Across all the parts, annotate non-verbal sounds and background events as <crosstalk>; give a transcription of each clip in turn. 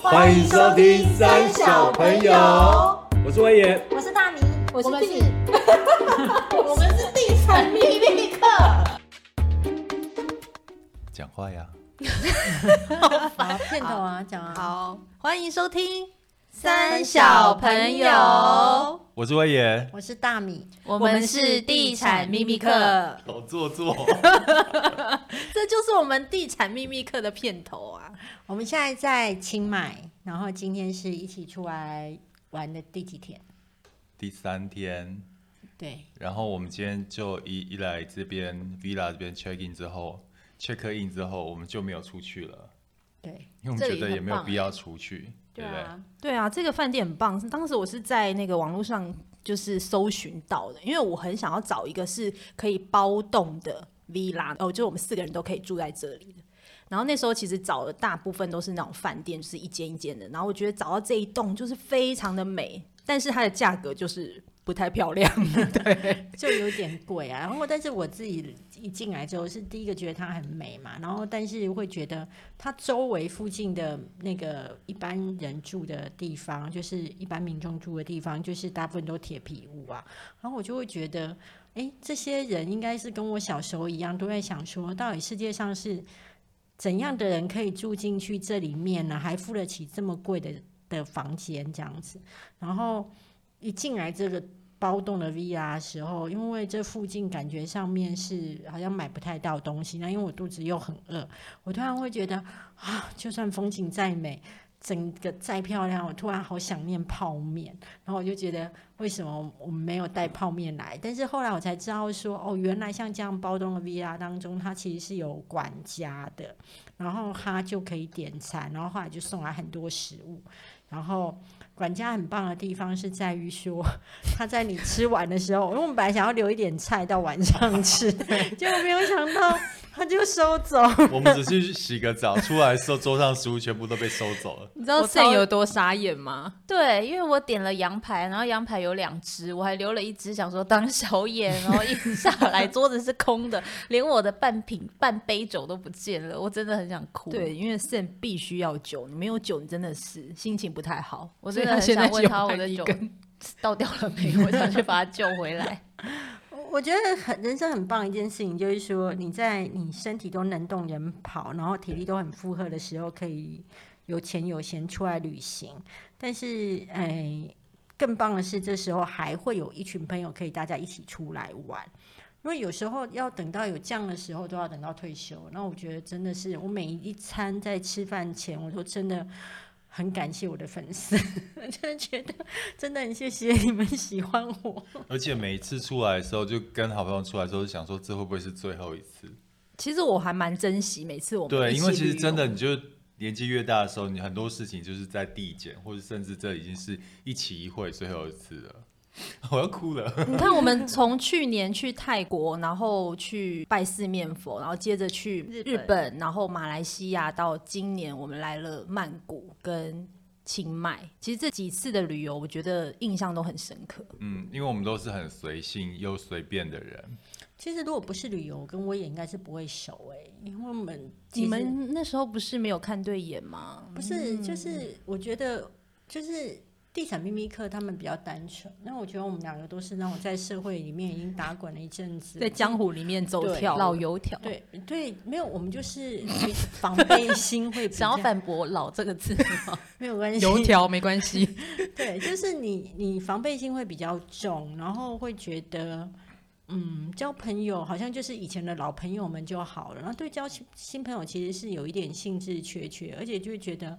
歡迎，歡迎收聽三小朋友，我是威爺，我是大明，我是我是第， <laughs> <laughs> <laughs> 我們是地產秘密客。講話呀！ <laughs> 好煩，好片頭啊，講啊好，好，歡迎收聽。三小朋友，我是威言，我是大米，我們是地產秘密客、哦，好做作 <laughs> ， <laughs> 這就是我們地產秘密客的片頭啊。我們現在在清邁，然後今天是一起出來玩的第幾天？第三天。對。然後我們今天就一一來這邊 Villa 這邊 check in 之後，check in 之後，我們就沒有出去了。對，因為我們覺得也沒有必要出去。對啊，對啊，這個飯店很棒。當時我是在那個網絡上就是搜尋到的，因為我很想要找一個是可以包棟的 villa 哦，就是我們四個人都可以住在這裡。然後那時候其實找的大部分都是那種飯店，就是一間一間的。然後我覺得找到這一棟就是非常的美，但是它的價格就是，不太漂亮了，對， <laughs> 就有點貴啊。然後，但是我自己一進來之後，是第一個覺得它很美嘛。然後，但是會覺得它周圍附近的那個一般人住的地方，就是一般民眾住的地方，就是大部分都鐵皮屋啊。然後我就會覺得，哎，這些人應該是跟我小時候一樣，都在想說，到底世界上是怎樣的人可以住進去這裡面呢？還付得起這麼貴的的房間這樣子。然後一進來這個。包棟的 Villa 時候，因為這附近感覺上面是好像買不太到東西，那因為我肚子又很餓，我突然會覺得啊，就算風景再美，整個再漂亮，我突然好想念泡麵。然後我就覺得為什麼我沒有帶泡麵來？但是後來我才知道說，哦，原來像這樣包棟的 Villa 當中，它其實是有管家的，然後他就可以點餐，然後後來就送來很多食物，然後。管家很棒的地方是在於說，他在你吃完的時候，因為我們本來想要留一點菜到晚上吃，結果沒有想到。他就收走。 <laughs> 我們只是去洗個澡， <laughs> 出來的時候桌上食物全部都被收走了。你知道腎有多傻眼嗎？對，因為我點了羊排，然後羊排有兩隻，我還留了一隻想說當宵夜，然後一直下來 <laughs> 桌子是空的，連我的半瓶 <laughs> 半杯酒都不見了，我真的很想哭。對，因為腎 <laughs> 必須要酒，你沒有酒，你真的是心情不太好。我真的很想問他我的酒倒掉了沒有，我想去把他救回來。 <laughs> 我覺得很人生很棒一件事情，就是說你在你身體都能動、能跑，然後體力都很負荷的時候，可以有錢有閒出來旅行。但是，誒，更棒的是這時候還會有一群朋友可以大家一起出來玩。因為有時候要等到有降的時候，都要等到退休。那我覺得真的是，我每一餐在吃飯前，我說真的。很感謝我的粉絲， <laughs> 真的覺得真的很謝謝你們喜歡我。而且每一次出來的時候，就跟好朋友出來的時候，就想說這會不會是最後一次？其實我還蠻珍惜每次我對。對，因為其實真的，你就年紀越大的時候，你很多事情就是在遞減，或者甚至這已經是一期一會最後一次了。我要哭了！你看，我們從去年去泰國， <laughs> 然後去拜四面佛，然後接着去日本、日本，然後馬來西亞，到今年我們來了曼谷跟清邁。其實這幾次的旅遊，我覺得印象都很深刻。嗯，因為我們都是很隨性又隨便的人。其實如果不是旅遊，我跟我也應該是不會熟哎，欸，因為我們你們那時候不是沒有看對眼嗎？嗯、不是，就是我覺得就是。地產秘密課，他們比較單純。那我覺得我們兩個都是那種在社會裡面已經打滾了一陣子，在江湖裡面走跳，對，老油條。對對，沒有我們就是防備心會比較 <laughs> 想要反駁“老”這個字，沒有關係，油條沒關係。 <laughs> 對，就是你你防備心會比較重，然後會覺得嗯，交朋友好像就是以前的老朋友們就好了。然後對交新新朋友其實是有一點興致缺缺，而且就會覺得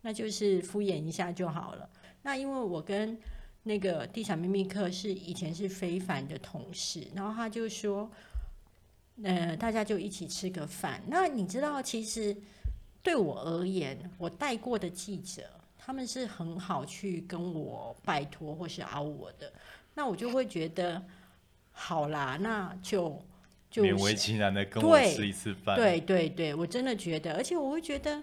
那就是敷衍一下就好了。那因為我跟那個《地產秘密客》是以前是非凡的同事，然後他就說，呃，大家就一起吃個飯。那你知道，其實對我而言，我帶過的記者他們是很好去跟我拜託或是熬我的，那我就會覺得好啦，那就就是、勉為其難的跟我吃一次飯。對。對對對，我真的覺得，而且我會覺得。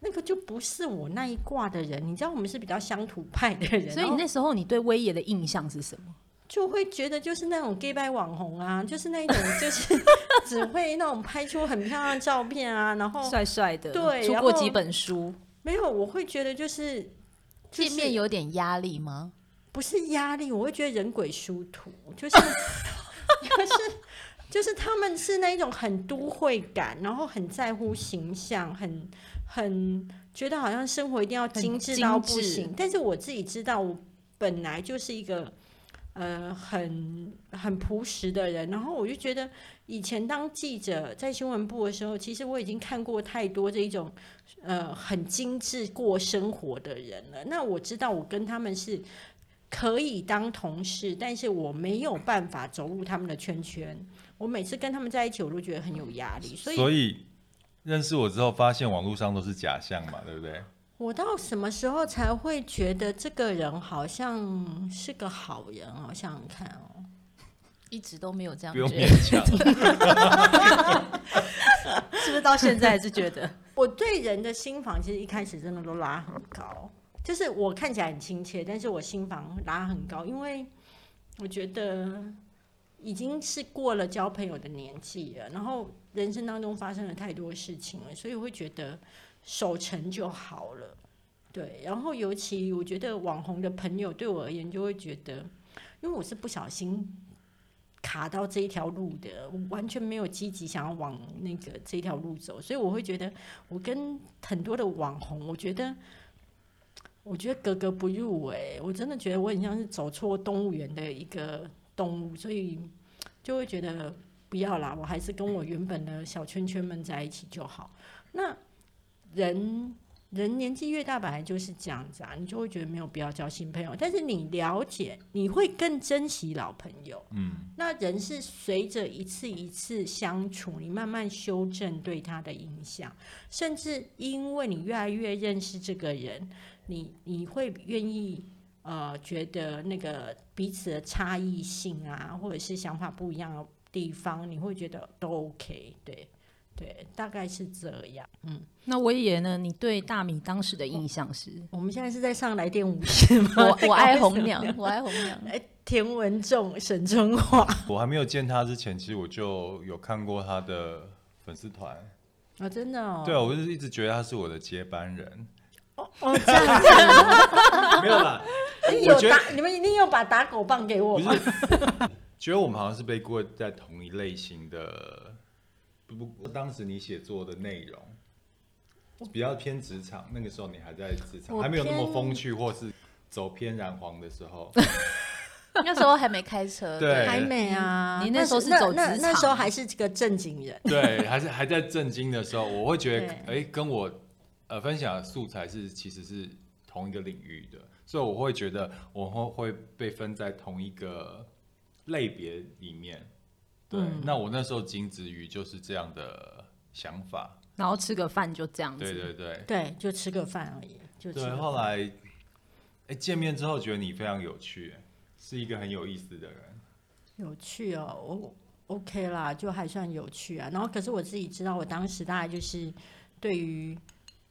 那個就不是我那一掛的人，你知道我們是比較鄉土派的人。所以那時候你對威爺的印象是什麼？就會覺得就是那種 gay 拜網紅啊，就是那種就是只會那種拍出很漂亮的照片啊，然後 <laughs> 帥帥的，對，出過幾本書。沒有，我會覺得就是、就是、見面有點壓力嗎？不是壓力，我會覺得人鬼殊途，就是 <laughs> 就是就是他們是那一種很都會感，然後很在乎形象，很。很覺得好像生活一定要精緻到不行，但是我自己知道，我本來就是一個呃很很樸實的人。然後我就覺得，以前當記者在新聞部的時候，其實我已經看過太多這一種呃很精緻過生活的人了。那我知道，我跟他們是可以當同事，但是我沒有辦法走入他們的圈圈。我每次跟他們在一起，我都覺得很有壓力，所以。認識我之後，發現網絡上都是假象嘛，對不對？我到什麼時候才會覺得這個人好像是個好人？我想想看哦，一直都沒有這樣，不用勉強， <laughs> <laughs> 是不是？到現在還是覺得， <laughs> 我對人的心房其實一開始真的都拉很高，就是我看起來很親切，但是我心房拉很高，因為我覺得。已經是過了交朋友的年紀了，然後人生當中發生了太多事情了，所以我會覺得守成就好了，對。然後尤其我覺得網紅的朋友對我而言就會覺得，因為我是不小心卡到這一條路的，我完全沒有積極想要往那個這條路走，所以我會覺得我跟很多的網紅，我覺得我覺得格格不入哎、欸，我真的覺得我很像是走錯動物園的一個，動物，所以就會覺得不要啦，我還是跟我原本的小圈圈們在一起就好。那人人年紀越大，本來就是這樣子啊，你就會覺得沒有必要交新朋友。但是你了解，你會更珍惜老朋友。嗯，那人是隨着一次一次相處，你慢慢修正對他的印象，甚至因為你越來越認識這個人，你你會願意。呃，覺得那個彼此的差異性啊，或者是想法不一樣的地方，你會覺得都 OK，對，對，大概是這樣。嗯，那威爺呢？你對大米當時的印象是？我，我們現在是在上來電五十嗎？ <laughs> 我我愛紅娘，我愛紅娘。哎， <laughs> 田文仲、沈春華，我還沒有見他之前，其實我就有看過他的粉絲團。啊、哦，真的哦？對啊，我就一直覺得他是我的接班人。哦，哦， <laughs> <laughs> 沒有啦。 <laughs> 你有打你們一定要把打狗棒給我嗎？ <laughs> 覺得我們好像是被過在同一類型的。不不，我當時你寫作的內容比較偏職場，那個時候你還在職場，還沒有那麼風趣，或是走偏染黃的時候。 <laughs> 那時候還沒開車， <laughs> 對，還沒啊。你那時候是走職場，那時候還是這個正經人。 <laughs> 對，還是還在正經的時候，我會覺得哎、欸，跟我呃分享的素材是其實是同一個領域的。所以我會覺得我會會被分在同一個類別裡面，對。嗯、那我那時候僅止於就是這樣的想法，然後吃個飯就這樣子，對對對，對，就吃個飯而已，就。對，後來，哎，見面之後覺得你非常有趣，是一個很有意思的人。有趣哦，我 OK 啦，就還算有趣啊。然後可是我自己知道，我當時大概就是對於，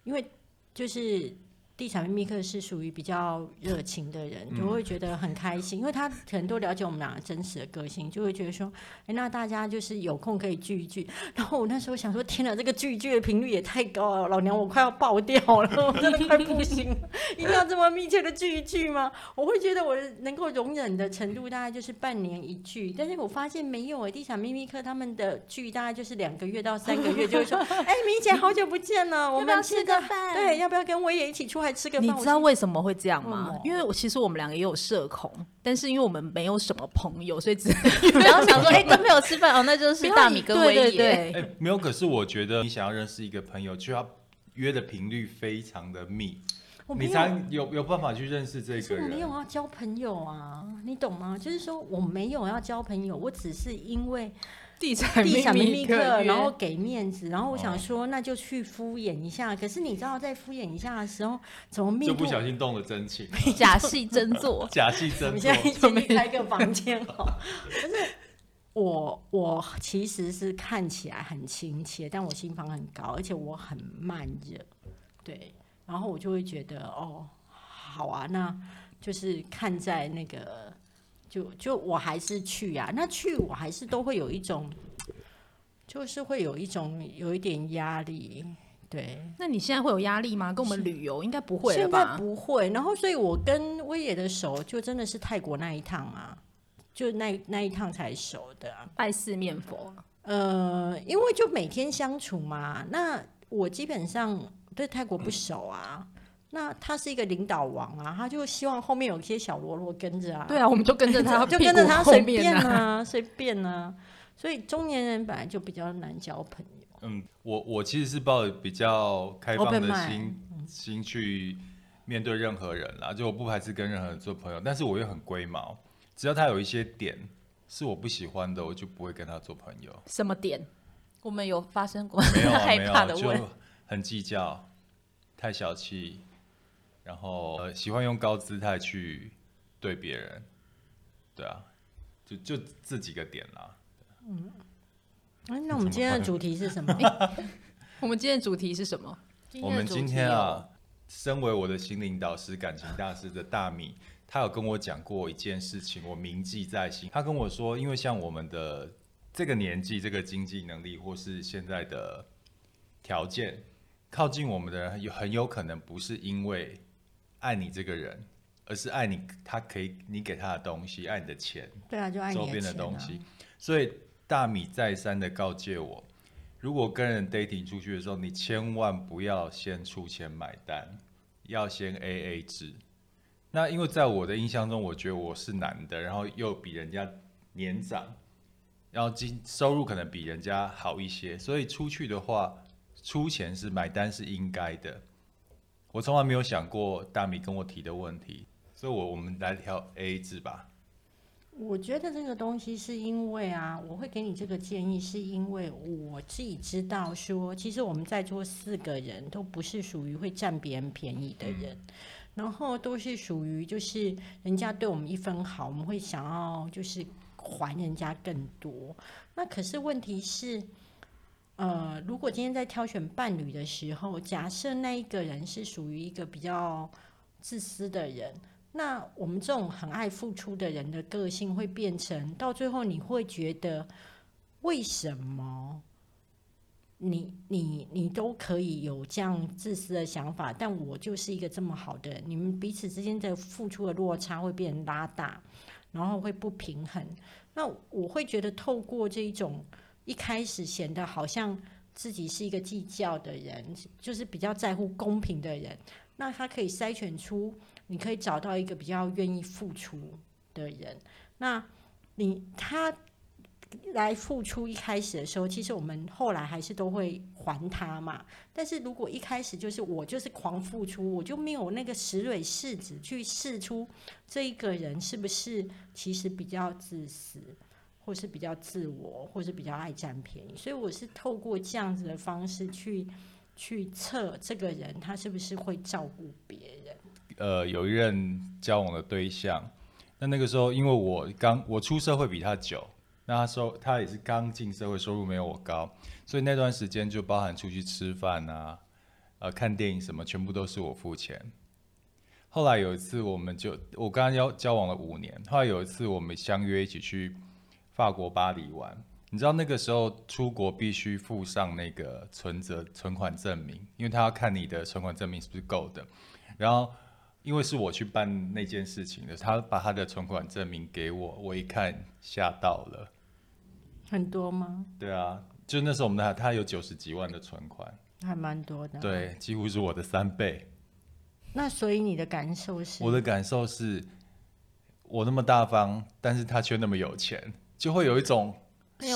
因為就是。地產密密客是屬於比較熱情的人，就會覺得很開心，因為他可能都了解我們兩個真實的個性，就會覺得說，哎、欸，那大家就是有空可以聚一聚。然後我那時候想說，天哪，這個聚一聚的頻率也太高了，老娘我快要爆掉了，我真的快不行了， <laughs> 一定要這麼密切的聚一聚嗎？我會覺得我能夠容忍的程度大概就是半年一聚，但是我發現沒有哎、欸，地產密密客他們的聚大概就是兩個月到三個月就會說，哎、 <laughs> 欸，明姐好久不見了，我們要吃個飯，對，要不要跟我也一起出海？你知道為什麼會這樣嗎？嗯哦、因為我其實我們兩個也有社恐，但是因為我們沒有什麼朋友，所以只，然後 <laughs> 想說，哎，跟朋友吃飯哦，那就是大米跟威爺。哎、欸，沒有。可是我覺得，你想要認識一個朋友，就要約的頻率非常的密。你才有有辦法去認識這個人。我沒有要交朋友啊，你懂嗎？就是說，我沒有要交朋友，我只是因為。第三迷迷客，然後給面子、嗯，然後我想說，那就去敷衍一下。哦、可是你知道，在敷衍一下的時候，怎麼就不小心動了真情了？ <laughs> 假戲真做， <laughs> 假戲真做。 <laughs> 我們現在先一起開個房間哈。是 <laughs> 我，我其實是看起來很親切，但我心房很高，而且我很慢熱。對，然後我就會覺得哦，好啊，那就是看在那個。就就我還是去呀、啊，那去我還是都會有一種，就是會有一種有一點壓力，對。那你現在會有壓力嗎？跟我們旅遊應該不會了吧？不會。然後，所以我跟威爺的熟就真的是泰國那一趟啊，就那那一趟才熟的、啊。拜四面佛。呃，因為就每天相處嘛，那我基本上對泰國不熟啊。嗯那他是一個領導王啊，他就希望後面有一些小嘍囉跟着啊。對啊，我們就跟着他、啊， <laughs> 就跟着他隨便啊，隨 <laughs> 便啊。所以中年人本來就比較難交朋友。嗯，我我其實是抱着比較開放的心、Open、心去面對任何人啦，嗯、就我不排斥跟任何人做朋友，但是我又很龜毛，只要他有一些點是我不喜歡的，我就不會跟他做朋友。什麼點？我們有發生過很、 <laughs> <laughs> 啊啊、 <laughs> 害怕的問？就很計較，太小氣。然後，呃，喜歡用高姿態去對別人，對啊，就就這幾個點啦。啊、嗯，哎、啊，那我們今天的主題是什麼？ <laughs> 我們今天的主題是什麼？我們今天啊，身為我的心靈導師、感情大師的大米，他有跟我講過一件事情，我銘記在心。他跟我說，因為像我們的這個年紀、這個經濟能力，或是現在的條件，靠近我們的人有很有可能不是因為。愛你這個人，而是愛你他可以你給他的東西，愛你的錢，對啊，就愛你、啊、周邊的東西。所以大米再三的告誡我，如果跟人 dating 出去的時候，你千萬不要先出錢買單，要先 AA 制。那因為在我的印象中，我覺得我是男的，然後又比人家年長，然後經收入可能比人家好一些，所以出去的話出錢是買單是應該的。我從來沒有想過大米跟我提的問題，所以我，我我們來挑 AA 制吧。我覺得這個東西是因為啊，我會給你這個建議，是因為我自己知道說，其實我們在座四個人都不是屬於會佔別人便宜的人，嗯，然後都是屬於就是人家對我們一分好，我們會想要就是還人家更多。那可是問題是，呃，如果今天在挑選伴侶的時候，假設那一個人是屬於一個比較自私的人，那我們這種很愛付出的人的個性會變成到最後，你會覺得為什麼你、你、你都可以有這樣自私的想法，但我就是一個這麼好的人，你們彼此之間的付出的落差會變拉大，然後會不平衡。那我會覺得透過這種。一開始顯得好像自己是一個計較的人，就是比較在乎公平的人，那他可以篩選出，你可以找到一個比較願意付出的人。那你他來付出一開始的時候，其實我們後來還是都會還他嘛。但是如果一開始就是我就是狂付出，我就沒有那個石蕊試紙去試出這一個人是不是其實比較自私。或是比較自我，或是比較愛佔便宜，所以我是透過這樣子的方式去去測這個人他是不是會照顧別人。呃，有一任交往的對象，那那個時候因為我剛我出社會比他久，那他說他也是剛進社會，收入沒有我高，所以那段時間就包含出去吃飯啊、呃，看電影什麼，全部都是我付錢。後來有一次，我們就我跟他交交往了五年，後來有一次我們相約一起去。法國巴黎玩，你知道那個時候出國必須附上那個存摺、存款證明，因為他要看你的存款證明是不是夠的。然後，因為是我去辦那件事情的，他把他的存款證明給我，我一看嚇到了。很多嗎？對啊，就那時候我們的他，他有九十幾萬的存款，還蠻多的啊。對，幾乎是我的三倍。那所以你的感受是？我的感受是，我那麼大方，但是他卻那麼有錢。就會有一種失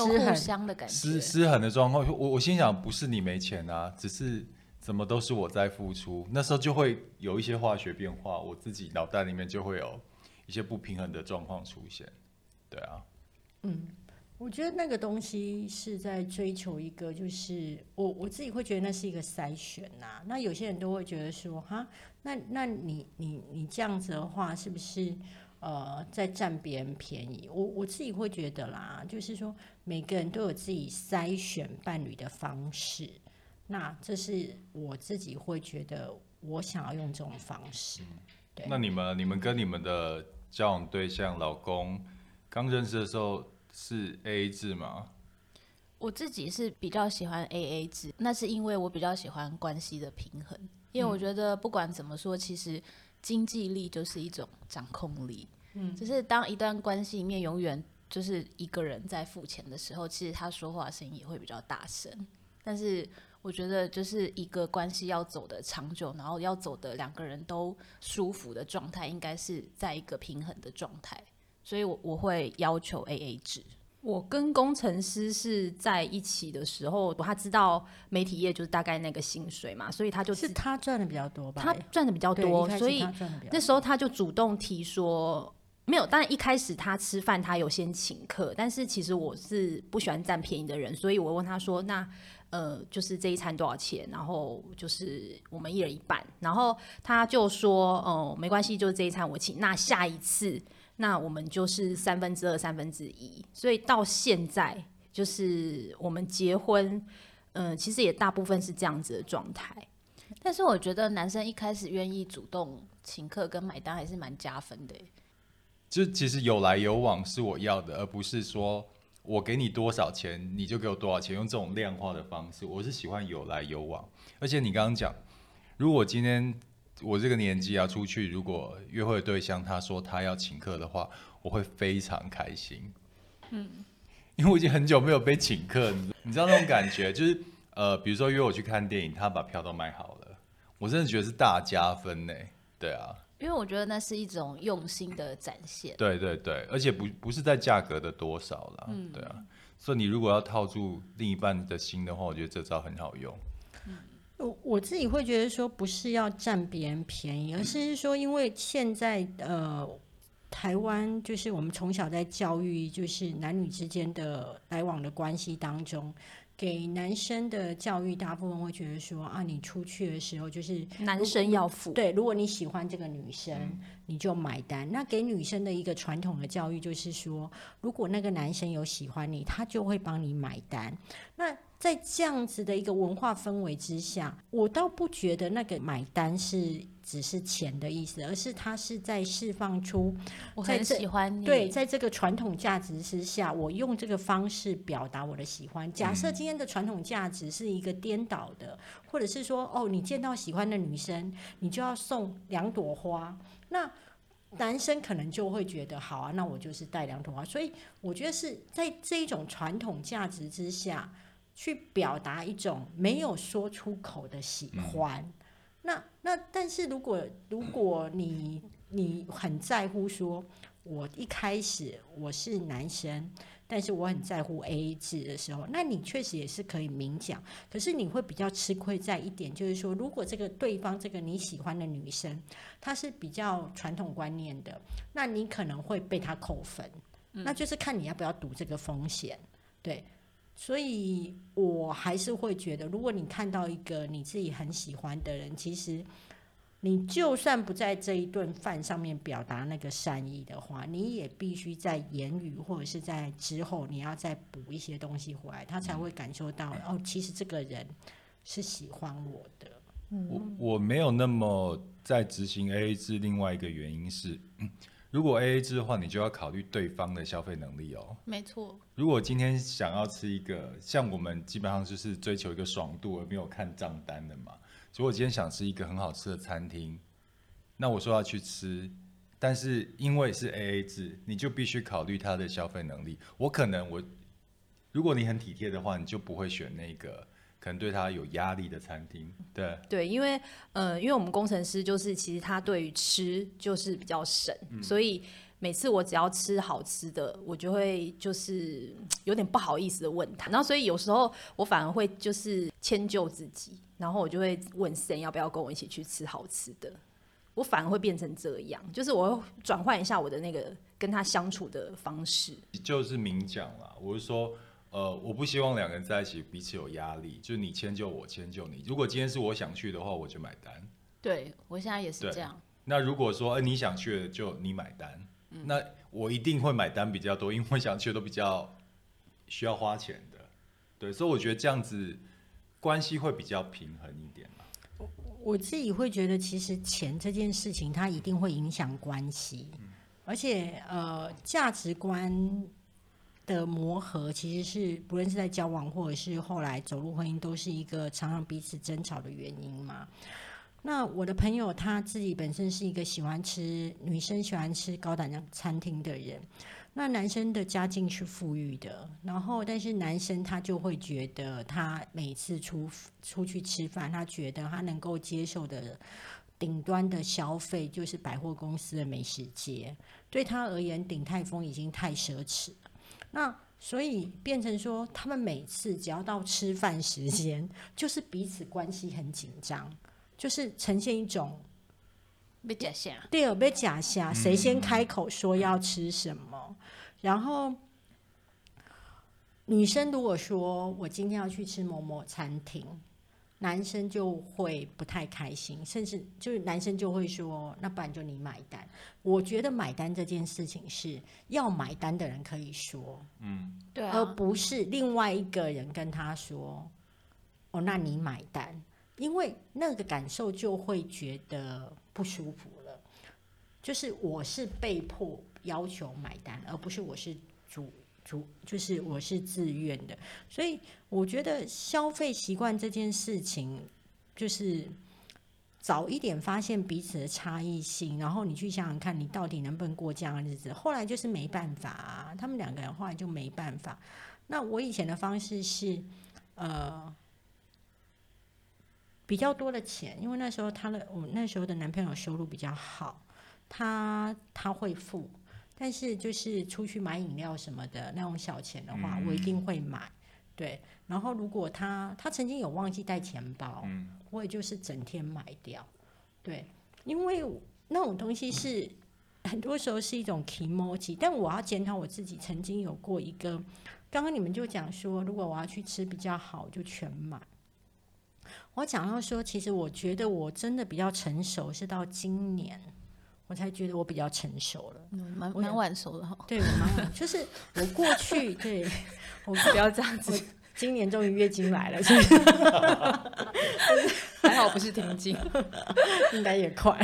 衡的感覺，失失衡的狀況。我我心想，不是你沒錢啊，只是怎麼都是我在付出。那時候就會有一些化學變化，我自己腦袋裡面就會有一些不平衡的狀況出現。對啊，嗯，我覺得那個東西是在追求一個，就是我我自己會覺得那是一個篩選吶啊。那有些人都會覺得說，哈，那那你你你這樣子的話，是不是？呃，在佔別人便宜，我我自己會覺得啦，就是說每個人都有自己篩選伴侶的方式，那這是我自己會覺得我想要用這種方式。對。那你們你們跟你們的交往對象老公剛認識的時候是 AA 制嗎？我自己是比較喜歡 AA 制，那是因為我比較喜歡關係的平衡，因為我覺得不管怎麼說，其實。經濟力就是一種掌控力，嗯，只、就是當一段關係裡面永遠就是一個人在付錢的時候，其實他說話聲音也會比較大聲。但是我覺得，就是一個關係要走的長久，然後要走的兩個人都舒服的狀態，應該是在一個平衡的狀態。所以我，我我會要求 AA 制。我跟工程師是在一起的時候，他知道媒體業就是大概那個薪水嘛，所以他就是，是他賺的比較多吧，他賺的比較多，所以那時候他就主動提說沒有，當然一開始他吃飯他有先請客，但是其實我是不喜歡占便宜的人，所以我問他說，那呃就是這一餐多少錢？然後就是我們一人一半，然後他就說哦、呃、沒關係，就是這一餐我請，那下一次。那我們就是三分之二、三分之一，所以到現在就是我們結婚，嗯、呃，其實也大部分是這樣子的狀態。但是我覺得男生一開始願意主動請客跟買單還是蠻加分的。就其實有來有往是我要的，而不是說我給你多少錢你就給我多少錢，用這種量化的方式，我是喜歡有來有往。而且你剛剛講，如果今天。我這個年紀啊，出去如果約會對象他說他要請客的話，我會非常開心。嗯，因為我已經很久沒有被請客，你知道那種感覺， <laughs> 就是呃，比如說約我去看電影，他把票都買好了，我真的覺得是大加分呢、欸。對啊，因為我覺得那是一種用心的展現。對對對，而且不不是在價格的多少啦，嗯，對啊。所以你如果要套住另一半的心的話，我覺得這招很好用。我自己會覺得說，不是要占別人便宜，而是說，因為現在呃，台灣就是我們從小在教育，就是男女之間的來往的關係當中。給男生的教育，大部分會覺得說啊，你出去的時候就是男生要付。對，如果你喜歡這個女生，嗯，你就買單。那給女生的一個傳統的教育就是說，如果那個男生有喜歡你，他就會幫你買單。那在這樣子的一個文化氛圍之下，我倒不覺得那個買單是。只是錢的意思，而是他是在釋放出在我很喜歡你。對，在這個傳統價值之下，我用這個方式表達我的喜歡。假設今天的傳統價值是一個顛倒的、嗯，或者是說，哦，你見到喜歡的女生，你就要送兩朵花，那男生可能就會覺得好啊，那我就是帶兩朵花。所以我覺得是在這一種傳統價值之下去表達一種沒有說出口的喜歡。嗯。那那，那但是，如果如果你你很在乎說，我一開始我是男生，但是我很在乎 AA 制的時候，那你確實也是可以明講，可是你會比較吃虧在一點，就是說，如果這個對方這個你喜歡的女生，她是比較傳統觀念的，那你可能會被她扣分，那就是看你要不要賭這個風險，對。所以，我還是會覺得，如果你看到一個你自己很喜歡的人，其實你就算不在這一頓飯上面表達那個善意的話，你也必須在言語或者是在之後，你要再補一些東西回來，他才會感受到、嗯、哦，其實這個人是喜歡我的。嗯、我我沒有那麼在執行 AA 制，另外一個原因是。嗯如果 AA 制的話，你就要考慮對方的消費能力哦。沒錯。如果今天想要吃一個，像我們基本上就是追求一個爽度而沒有看賬單的嘛。所以，我今天想吃一個很好吃的餐廳，那我說要去吃，但是因為是 AA 制，你就必須考慮他的消費能力。我可能我，如果你很體貼的話，你就不會選那個。可能對他有壓力的餐廳，對對，因為呃，因為我們工程師就是其實他對於吃就是比較省，嗯，所以每次我只要吃好吃的，我就會就是有點不好意思的問他，然後所以有時候我反而會就是遷就自己，然後我就會問沈要不要跟我一起去吃好吃的，我反而會變成這樣，就是我會轉換一下我的那個跟他相處的方式，就是明講啦，我是說。呃，我不希望兩個人在一起彼此有壓力，就是你遷就我，遷就你。如果今天是我想去的話，我就買單。對我現在也是這樣。那如果說，哎、呃，你想去的就你買單，嗯，那我一定會買單比較多，因為我想去的都比較需要花錢的。對，所以我覺得這樣子關係會比較平衡一點嘛。我我自己會覺得，其實錢這件事情，它一定會影響關係，嗯、而且呃價值觀。的磨合其實是，不論是在交往或者是後來走入婚姻，都是一個常常彼此爭吵的原因嘛。那我的朋友他自己本身是一個喜歡吃女生喜歡吃高檔的餐廳的人，那男生的家境是富裕的，然後但是男生他就會覺得他每次出出去吃飯，他覺得他能夠接受的頂端的消費就是百貨公司的美食街，對他而言鼎泰豐已經太奢侈。那所以變成說，他們每次只要到吃飯時間，就是彼此關係很緊張，就是呈現一種被假想，對，被假想，誰先開口說要吃什麼，然後女生如果說我今天要去吃某某餐廳。男生就會不太開心，甚至就是男生就會說：“那不然就你買單。”我覺得買單這件事情是要買單的人可以說，嗯，對啊，而不是另外一個人跟他說：“哦，那你買單。”因為那個感受就會覺得不舒服了，就是我是被迫要求買單，而不是我是主。主就是我是自願的，所以我覺得消費習慣這件事情，就是早一點發現彼此的差異性，然後你去想想看，你到底能不能過這樣的日子。後來就是沒辦法啊，他們兩個人後來就沒辦法。那我以前的方式是，呃，比較多的錢，因為那時候他的我那時候的男朋友收入比較好，他他會付。但是就是出去買飲料什麼的那種小錢的話、嗯，我一定會買。對，然後如果他他曾經有忘記帶錢包，我也就是整天買掉。對，因為那種東西是、嗯、很多時候是一種 kimochi，但我要檢討我自己，曾經有過一個，剛剛你們就講說，如果我要去吃比較好，就全買。我講到說，其實我覺得我真的比較成熟，是到今年。我才覺得我比較成熟了，嗯，蠻蠻晚熟的哈。對，我蠻晚，就是我過去 <laughs> 對，我不要這樣子。 <laughs> 今年終於月經來了。 <laughs> <laughs> <laughs> 還好不是停經， <laughs> 應該也快。 <laughs>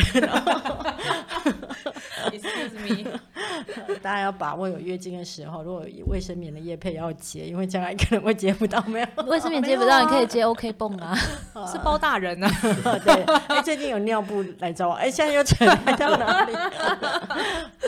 Excuse me，大家要把握有月經的時候，如果衛生棉的業配要接，因為將來可能會接不到。沒有，衛生棉接不到，你可以接 OK 繃啊， <laughs> <laughs> 是包大人啊。 <laughs> <laughs> 對，哎、欸、最近有尿布來找我，哎、欸，現在又出來 <laughs> 到哪裡？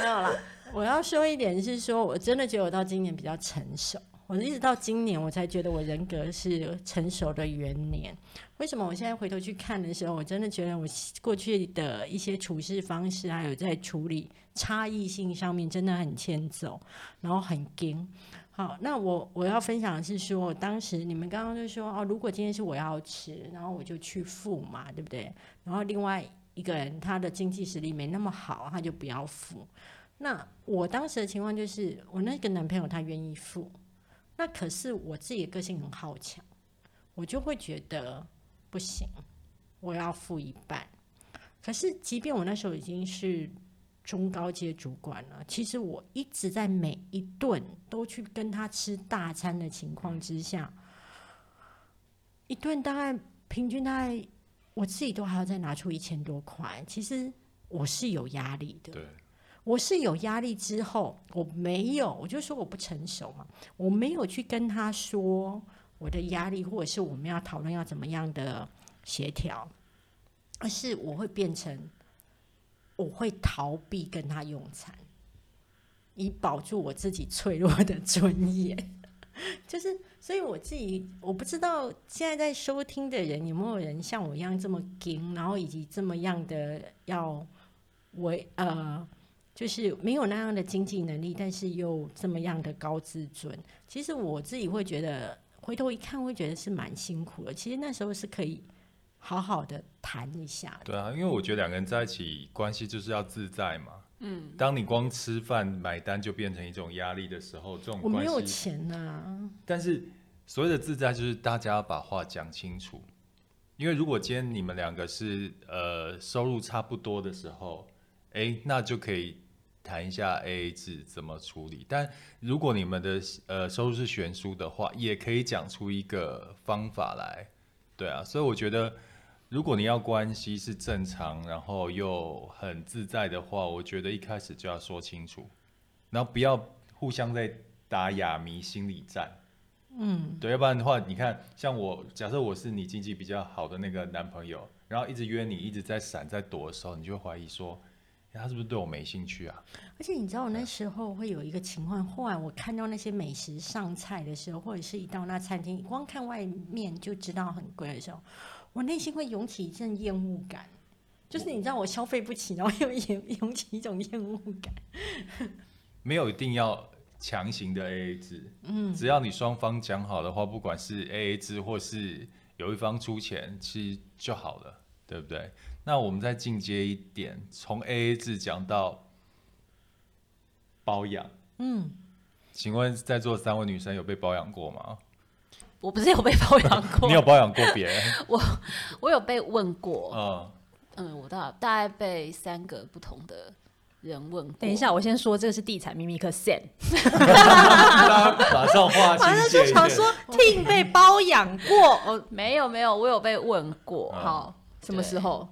沒有啦。我要說一點是說，說我真的覺得我到今年比較成熟。我一直到今年我才覺得我人格是成熟的元年。為什麼我現在回頭去看的時候，我真的覺得我過去的一些處事方式還、啊、有在處理差異性上面真的很欠揍，然後很驚。好，那我我要分享的是說，當時你們剛剛就說哦、啊，如果今天是我要吃，然後我就去付嘛，對不對？然後另外一個人他的經濟實力沒那麼好，他就不要付。那我當時的情況就是，我那個男朋友他願意付。那可是我自己的個性很好強，我就會覺得不行，我要付一半。可是即便我那時候已經是中高階主管了，其實我一直在每一頓都去跟他吃大餐的情況之下，一頓大概平均大概我自己都還要再拿出一千多塊，其實我是有壓力的。對。我是有壓力之後，我沒有，我就說我不成熟嘛，我沒有去跟他說我的壓力，或者是我們要討論要怎麼樣的協調，而是我會變成我會逃避跟他用餐，以保住我自己脆弱的尊嚴。 <laughs> 就是，所以我自己我不知道現在在收聽的人有沒有人像我一樣這麼硬，然後以及這麼樣的要為呃。嗯就是沒有那樣的經濟能力，但是又這麼樣的高自尊。其實我自己會覺得，回頭一看，會覺得是蠻辛苦的。其實那時候是可以好好的談一下。對啊，因為我覺得兩個人在一起關係就是要自在嘛。嗯。當你光吃飯買單就變成一種壓力的時候，這種關係，我沒有錢吶。但是所謂的自在，就是大家把話講清楚。因為如果今天你們兩個是呃收入差不多的時候，欸，那就可以。談一下 AA 制怎麼處理，但如果你們的呃收入是懸殊的話，也可以講出一個方法來，對啊，所以我覺得如果你要關係是正常，然後又很自在的話，我覺得一開始就要說清楚，然後不要互相在打啞謎、心理戰，嗯，對，要不然的話，你看，像我假設我是你經濟比較好的那個男朋友，然後一直約你，一直在閃在躲的時候，你就會懷疑說，他是不是對我沒興趣啊？而且你知道，我那時候會有一個情況，嗯，後來我看到那些美食上菜的時候，或者是一到那餐廳，你光看外面就知道很貴的時候，我內心會湧起一陣厭惡感，就是你知道我消費不起，然後又湧湧起一種厭惡感。 <laughs> 沒有一定要強行的 AA 制，嗯，只要你雙方講好的話，不管是 AA 制或是有一方出錢，其實就好了，對不對？那我們再進階一點，從 A A 制講到包養。嗯，請問在座三位女生有被包養過嗎？我不是有被包養過， <laughs> 你有包養過別人？我我有被問過。嗯嗯，我大大概被三個不同的人問過。等一下，我先說這個是地產秘密課。Sen <laughs> <laughs> <laughs> 馬上花心姐姐說 t i n 被包養過。 <laughs> 哦，沒有沒有，我有被問過。嗯、好，什麼時候？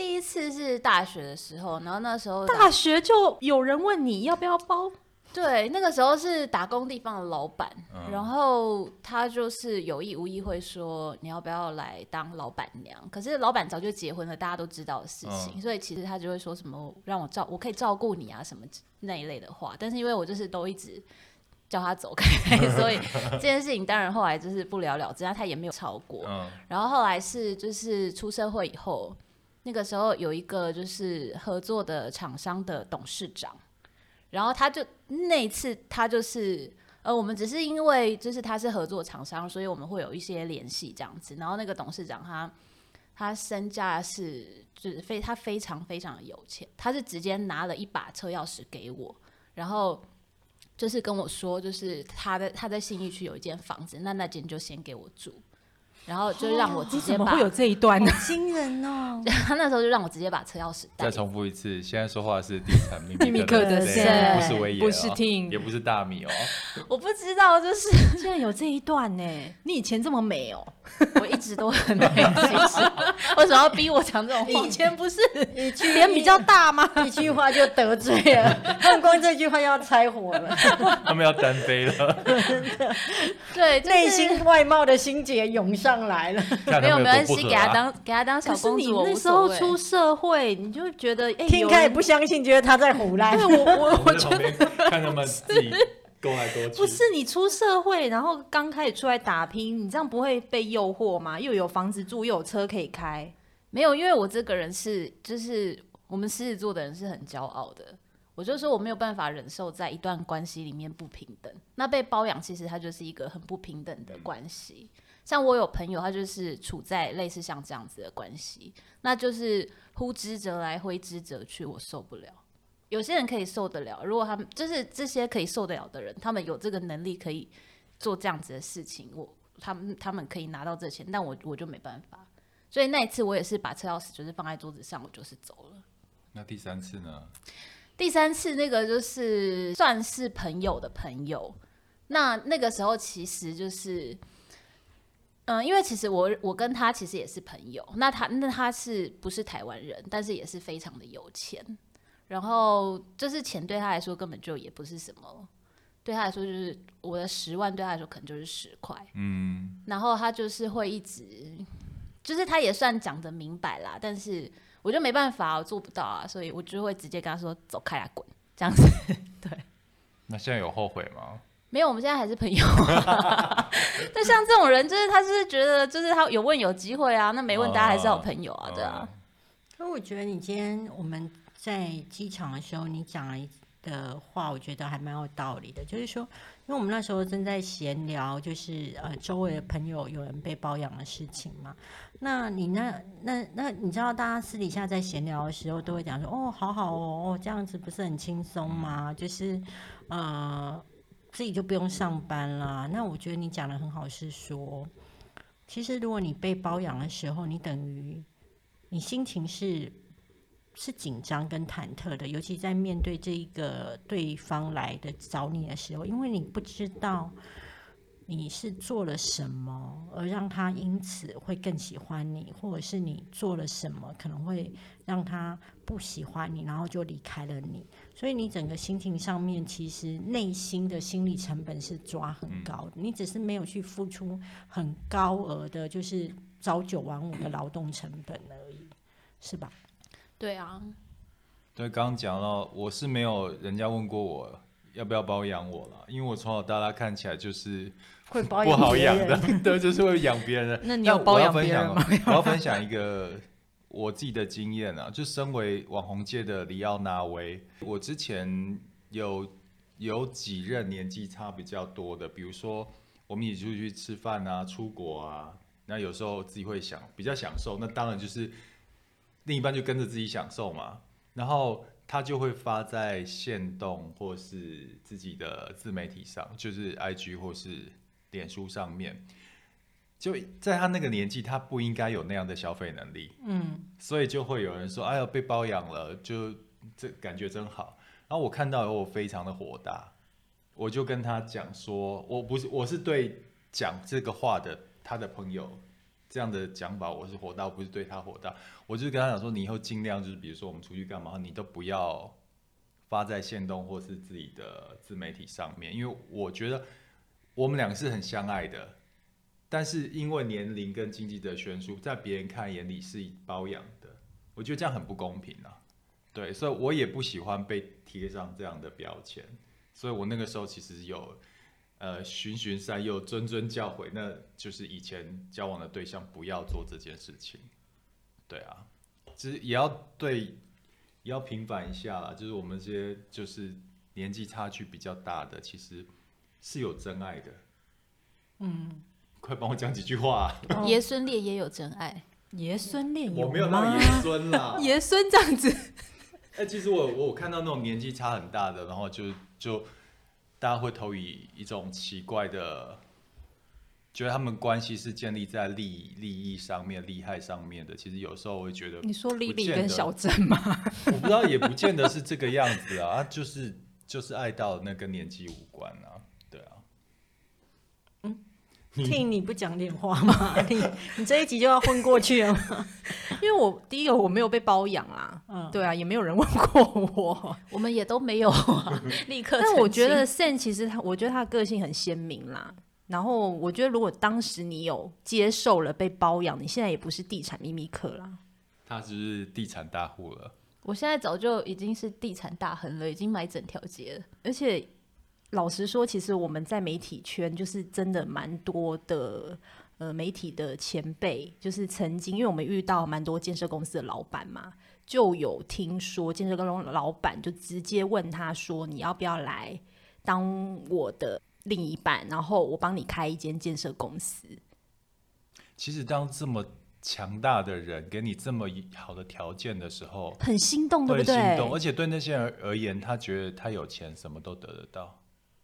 第一次是大學的時候，然後那時候大學就有人問你要不要包，對，那個時候是打工地方的老闆，嗯，然後他就是有意無意會說你要不要來當老闆娘，可是老闆早就結婚了，大家都知道的事情，嗯，所以其實他就會說什麼讓我照我可以照顧你啊什麼那一類的話，但是因為我就是都一直叫他走開， <laughs> 所以這件事情當然後來就是不了了之，他也沒有超過，嗯，然後後來是就是出社會以後。那個時候有一個就是合作的廠商的董事長，然後他就那一次他就是呃我們只是因為就是他是合作廠商，所以我們會有一些聯繫這樣子。然後那個董事長他他身價是就是非他非常非常的有錢，他是直接拿了一把車鑰匙給我，然後就是跟我說就是他在他在信義區有一間房子，那那間就先給我住。然後就讓我直接把、哦、我怎麼會有這一段呢？新人哦，他那時候就讓我直接把車鑰匙帶。再重複一次，現在說話是第三名秘密課的，不是唯一、哦，不是聽，也不是大米哦。 <laughs> 我不知道，就是竟然有這一段呢。你以前這麼美哦， <laughs> 我一直都很美。為什麼要逼我講這種話？ <laughs> 你以前不是，臉比較大嗎？一句話就得罪了，光 <laughs> 光這句話要拆夥了。 <laughs> <laughs> 他們要單飛了，真的。對，內、就是、心外貌的心結湧上。來了、啊沒，沒有沒關係，給他當給他當小公主。可是你那時候出社會，啊、你就覺得哎，一、欸、開始不相信，覺得他在胡來。 <laughs> 對我我我覺得看他們自己勾來勾去， <laughs> 不是你出社會，然後剛開始出來打拼，啊、你這樣不會被誘惑嗎？又有房子住，又有車可以開，沒有，因為我這個人是就是我們獅子座的人是很驕傲的，我就說我沒有辦法忍受在一段關係裡面不平等，那被包養其實它就是一個很不平等的關係。像我有朋友，他就是處在類似像這樣子的關係，那就是呼之則來，揮之則去，我受不了。有些人可以受得了，如果他們就是這些可以受得了的人，他們有這個能力可以做這樣子的事情，我他們他們可以拿到這錢，但我我就沒辦法。所以那一次我也是把車鑰匙就是放在桌子上，我就是走了。那第三次呢？第三次那個就是算是朋友的朋友，那那個時候其實就是。嗯，因為其實我我跟他其實也是朋友，那他那他是不是台灣人？但是也是非常的有錢，然後就是錢對他來說根本就也不是什麼，對他來說就是我的十萬對他來說可能就是十塊。嗯，然後他就是會一直，就是他也算講得明白啦，但是我就沒辦法，我做不到啊，所以我就會直接跟他說走開啊，滾這樣子，對。那現在有後悔嗎？沒有，我們現在還是朋友啊。那 <laughs> <laughs> 像這種人，就是他，是覺得，就是他有問有機會啊，那沒問，大家還是好朋友啊，uh, uh. 對啊。那我覺得你今天我們在機場的時候，你講的話，我覺得還蠻有道理的。就是說，因為我們那時候正在閒聊，就是呃，周圍的朋友有人被包養的事情嘛。那你那那那，那你知道，大家私底下在閒聊的時候，都會講說：“哦，好好哦，哦這樣子不是很輕鬆嗎？”就是呃。自己就不用上班了。那我覺得你講的很好，是說，其實如果你被包養的時候，你等於你心情是是緊張跟忐忑的，尤其在面對這個對方來的找你的時候，因為你不知道。你是做了什麼，而讓他因此會更喜歡你，或者是你做了什麼，可能會讓他不喜歡你，然後就離開了你。所以你整個心情上面，其實內心的心理成本是抓很高的。嗯，你只是沒有去付出很高額的，就是朝九晚五的勞動成本而已，是吧？對啊。對，剛剛講到，我是沒有人家問過我要不要包養我了，因為我從小到大，到大看起來就是。會保養不好養的， <laughs> 對，就是會養別人。 <laughs> 那你要包養別人嗎？我要分享，我要分享一個我自己的經驗啊，就身為網紅界的里奧納維，我之前有有幾任年紀差比較多的，比如說我們一起出去吃飯啊、出國啊，那有時候自己會想比較享受，那當然就是另一半就跟着自己享受嘛，然後他就會發在限動或是自己的自媒體上，就是 IG 或是。臉書上面，就在他那個年紀，他不應該有那樣的消費能力。嗯，所以就會有人說：“哎呀，被包養了，就這感覺真好。”然後我看到以後，我非常的火大，我就跟他講說：“我不是，我是對講這個話的他的朋友這樣的講法，我是火大，我不是對他火大。”我就跟他講說：“你以後盡量就是，比如說我們出去幹嘛，你都不要發在限動或是自己的自媒體上面，因為我覺得。”我們兩個是很相愛的，但是因為年齡跟經濟的懸殊，在別人看眼裡是包養的，我覺得這樣很不公平啊。對，所以我也不喜歡被貼上這樣的標籤，所以我那個時候其實有，呃，循循善誘、諄諄教誨，那就是以前交往的對象不要做這件事情。對啊，其實也要對，也要平反一下啦。就是我們這些就是年紀差距比較大的，其實。是有真愛的，嗯，快幫我講幾句話、啊。爺孫戀也有真愛，爺孫戀我沒有那麼爺孫啦。爺 <laughs> 孫這樣子、欸。哎，其實我我看到那種年紀差很大的，然後就就大家會投以一種奇怪的，覺得他們關係是建立在利利益上面、利害上面的。其實有時候我會覺得，得，你說利利跟小鎮嗎？我不知道，也不見得是這個樣子啊， <laughs> 啊就是就是愛到那跟年紀無關啊。聽你不講點話嗎？ <laughs> 你你這一集就要混過去了嗎？ <laughs> 因為我第一個我沒有被包養啦，啊，嗯，對啊，也沒有人問過我， <laughs> 我們也都沒有，啊，立刻。但我覺得 Sen 其實他，我覺得他的個性很鮮明啦。然後我覺得如果當時你有接受了被包養，你現在也不是地產秘密客了，他只是，是地產大戶了。我現在早就已經是地產大亨了，已經買整條街了，而且。老實說，其實我們在媒體圈就是真的蠻多的，呃，媒體的前輩就是曾經，因為我們遇到蠻多建設公司的老板嘛，就有聽說建設公司老板就直接問他說：“你要不要來當我的另一半？然後我幫你開一間建設公司。”其實，當這麼強大的人給你這麼好的條件的時候，很心動，對不對？對，心動，而且對那些人而言，他覺得他有錢，什麼都得得到。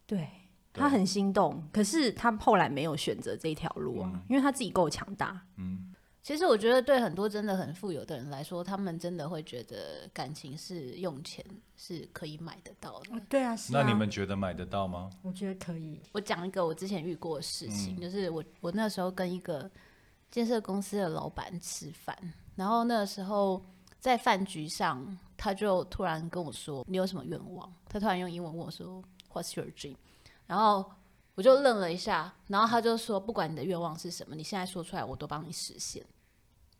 對他很心動，啊，可是他後來沒有選擇這條路啊。嗯，因為他自己夠強大。嗯，其實我覺得對很多真的很富有的人來說，他們真的會覺得感情是用錢是可以買得到的。哦。對啊，是啊。那你們覺得買得到嗎？我覺得可以。我講一個我之前遇過的事情，嗯、就是我我那時候跟一個建設公司的老板吃飯，然後那時候在飯局上，他就突然跟我說：“你有什麼願望？”他突然用英文問我說。What's your dream？然後我就愣了一下，然後他就說：“不管你的願望是什麼，你現在說出來，我都幫你實現。”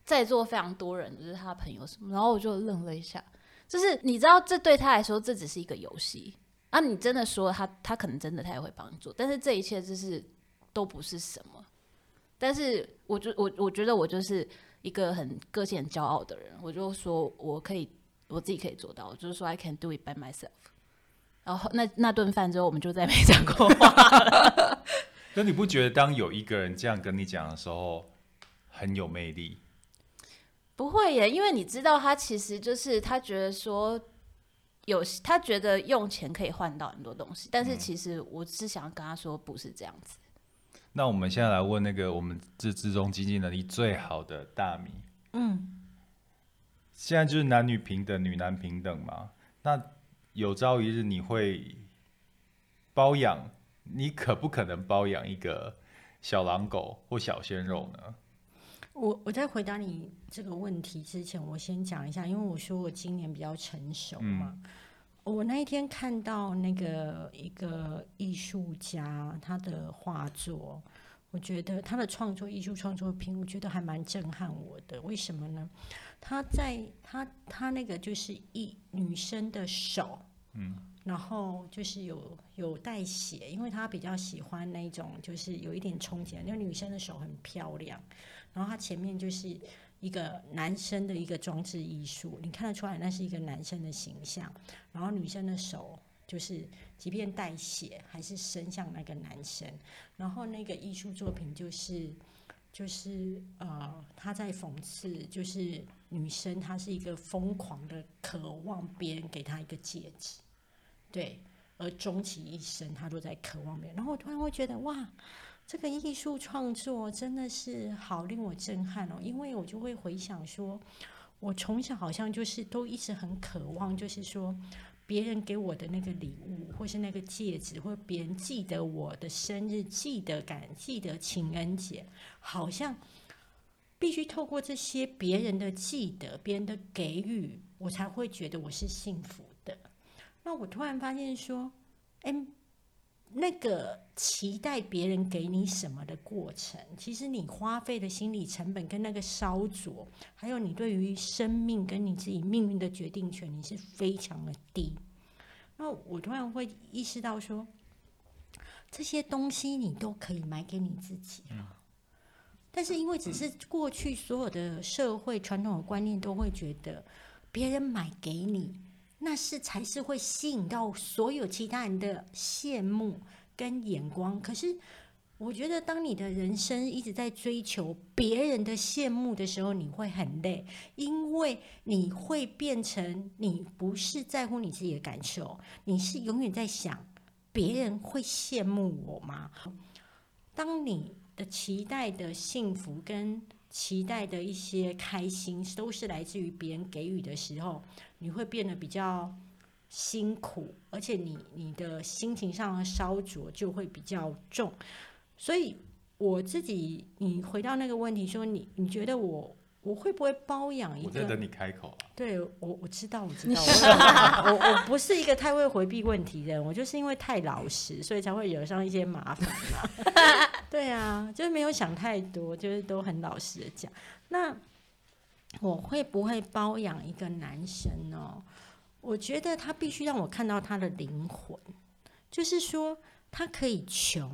在座非常多人就是他朋友什麼，然後我就愣了一下，就是你知道，這對他來說，這只是一個遊戲啊！你真的說他，他可能真的他也會幫你做，但是這一切就是都不是什麼。但是我就我我覺得我就是一個很個性、很驕傲的人，我就說我可以我自己可以做到，我就是說 I can do it by myself。然、哦、後那那頓飯之後，我們就再沒講過話了。 <laughs> 那 <laughs> 你不覺得當有一個人這樣跟你講的時候，很有魅力？不會耶，因為你知道他其實就是他覺得說有他覺得用錢可以換到很多東西，但是其實我只想跟他說不是這樣子。嗯、那我們現在來問那個我們這之中經濟能力最好的大米，嗯，現在就是男女平等、女男平等嘛？那。有朝一日你會包養，你可不可能包養一個小狼狗或小鮮肉呢？我我在回答你這個問題之前，我先講一下，因為我說我今年比較成熟嘛。嗯、我那一天看到那個一個藝術家他的畫作，我覺得他的創作藝術創作品，我覺得還蠻震撼我的。為什麼呢？他在他他那個就是一女生的手，嗯，然後就是有有帶血，因為他比較喜歡那種就是有一點衝擊。那個女生的手很漂亮，然後她前面就是一個男生的一個裝置藝術，你看得出來那是一個男生的形象。然後女生的手就是即便帶血，還是伸向那個男生。然後那個藝術作品就是就是呃，他在諷刺，就是女生她是一個瘋狂的渴望別人給她一個戒指。對，而終其一生，他都在渴望。然後我突然會覺得，哇，這個藝術創作真的是好令我震撼哦！因為我就會回想說，我從小好像就是都一直很渴望，就是說別人給我的那個禮物，或是那個戒指，或別人記得我的生日，記得感恩節，記得情人節，好像必須透過這些別人的記得，別人的給予，我才會覺得我是幸福。那我突然發現說，哎、欸，那個期待別人給你什麼的過程，其實你花費的心理成本跟那個燒灼，還有你對於生命跟你自己命運的決定權，你是非常的低。那我突然會意識到說，這些東西你都可以買給你自己了，但是因為只是過去所有的社會傳統的觀念都會覺得別人買給你。那是，才是會吸引到所有其他人的羨慕跟眼光。可是，我覺得當你的人生一直在追求別人的羨慕的時候，你會很累，因為你會變成你不是在乎你自己的感受，你是永遠在想別人會羨慕我嗎？當你的期待的幸福跟……期待的一些開心都是來自於別人給予的時候，你會變得比較辛苦，而且你你的心情上的燒灼就會比較重。所以我自己，你回到那個問題說，說你你覺得我。我會不會包養一個？我在等你開口啊。對我，我知道，我知道。 <laughs> 我我不是一個太會回避問題的人，我就是因為太老實，所以才會惹上一些麻煩嘛 <laughs> 對啊，就是沒有想太多，就是都很老實的講。那我會不會包養一個男生呢？我覺得他必須讓我看到他的靈魂，就是說他可以窮，